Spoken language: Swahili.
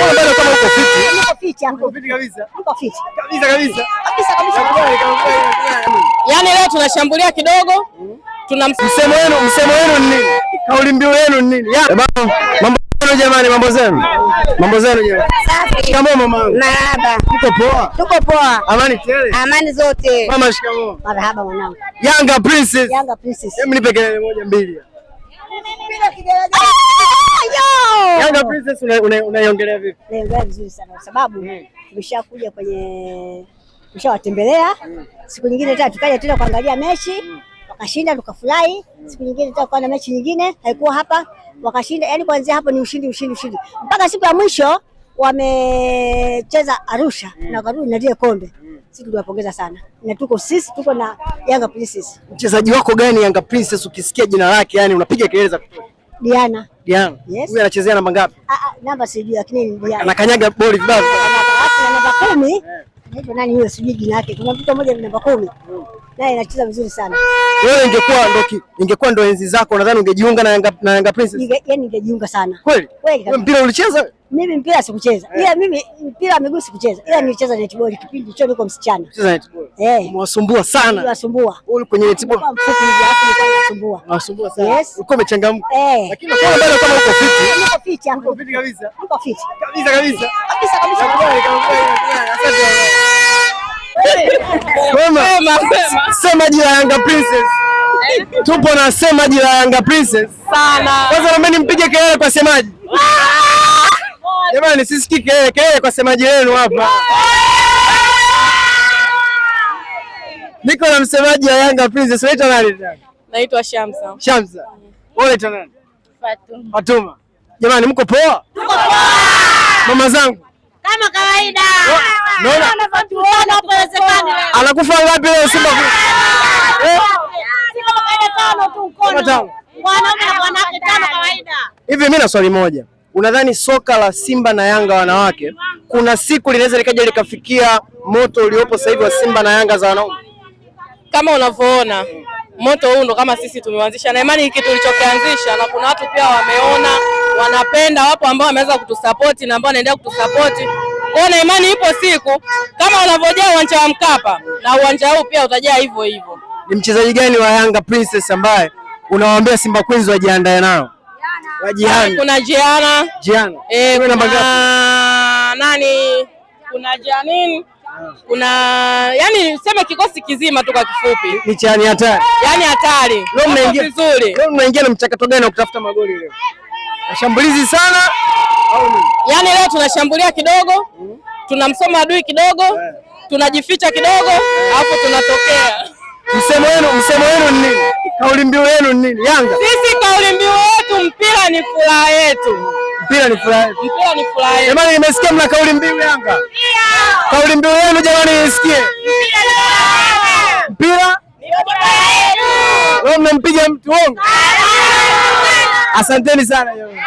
bado Yaani leo tunashambulia kidogo. Tuna msemo wenu, msemo wenu ni nini? Kauli mbiu yenu ni nini? Ya. Mambo zenu jamani, mambo zenu. Mambo zenu jamani. Safi. Shikamoo mamangu. Marhaba. Tuko poa. Tuko poa. Amani tele. Amani zote. Mama shikamoo. Marhaba mwanangu. Yanga Princess. Yanga Princess. Hebu nipe kelele moja mbili. Bila kigelegele. Mtata Princess unaiongelea vipi? Naiongelea vizuri sana kwa sababu mm. tumeshakuja mm. kwenye tumeshawatembelea, mm. siku nyingine tena tukaja tena kuangalia mechi mm. wakashinda, tukafurahi. mm. Siku nyingine tena kwa mechi nyingine haikuwa hapa, wakashinda. Yani kuanzia hapo ni ushindi, ushindi, ushindi mpaka siku ya mwisho wamecheza Arusha mm. na karudi na ile kombe. mm. Sisi tuliwapongeza sana na tuko sisi tuko na Yanga Princess. Mchezaji wako gani Yanga Princess, ukisikia jina lake yani unapiga kelele za kutosha? Diana. Diana. Yes. Huyu anachezea namba ngapi? Ah ah, namba sijui lakini ni Diana. Anakanyaga boli vibaya. Ana ah, namba 10. Anaitwa nani huyo eh. sijui jina lake. Kuna mtu mmoja namba 10. Naye anacheza vizuri sana. Wewe ingekuwa ndo ingekuwa ndo enzi zako nadhani ungejiunga na Yanga na Yanga Princess. Inge, yani ningejiunga sana. Kweli? Kweli. Wewe mpira ulicheza? Mimi mpira sikucheza. Yeah. Ila mimi mpira miguu sikucheza. Ila nilicheza netball kipindi hicho niko msichana. Cheza netball umewasumbua eh, sana. Unasumbua. Wewe kwenye mfupi hivi hapo unasumbua. Unasumbua sana. Yes. Uko umechangamka. Eh. Lakini bado kama uko Uko Uko kabisa. Uko Kabisa kabisa. Kabisa kabisa. Sema, sema jina la Yanga Princess. Eh? Tupo na sema la Yanga Princess. Sana. Kwanza naomba nimpige kelele kwa semaji. Ah! Jamani, sisikii kelele kelele kwa semaji lenu hapa. Ah! Niko na msemaji wa Yanga Princess. Unaitwa nani? Naitwa Shamsa. Shamsa. Wewe unaitwa nani? Fatuma. Fatuma. Jamani mko poa? Tuko poa. Mama zangu. Kama kawaida. Naona Fatuma hapo inawezekana wewe. Anakufa ngapi leo Simba? Eh? Simba kawaida tano tu mkono. Wanaume na wanawake tano kawaida. Hivi mimi na swali moja. Unadhani soka la Simba na Yanga wanawake kuna siku linaweza likaja likafikia moto uliopo sasa hivi wa Simba na Yanga za wanaume? kama unavyoona moto huu ndo kama sisi tumeanzisha na imani kitu tulichokianzisha, na kuna watu pia wameona wanapenda, wapo ambao wameweza kutusapoti na ambao wanaendelea kutusapoti kwao, na imani ipo siku kama unavyojaa uwanja wa Mkapa na uwanja huu pia utajaa hivyo hivyo. Ni mchezaji gani wa Yanga Princess ambaye unawaambia Simba Queens wajiandae nao? Wajiandae. Kuna Jiana. Jiana. Eh, kuna nani? Kuna Janine kuna yani, sema kikosi kizima tu kwa kifupi, michani hatari, yani hatari. Leo mnaingia vizuri, leo mnaingia na mchakato gani wa kutafuta magoli leo? Mashambulizi sana au nini? Yani leo tunashambulia kidogo, tunamsoma adui kidogo, eh. tunajificha kidogo, alafu tunatokea. Msemo wenu msemo wenu ni nini? Kauli mbiu yenu ni nini? Yanga sisi, kauli mbiu yetu mpira ni furaha yetu, mpira ni furaha yetu, mpira ni furaha yetu. Jamani, nimesikia mna kauli mbiu Yanga Kauli mbiu yenu jamani, isikie mpira leo, mnampiga mtu wongo. Asanteni sana jamani.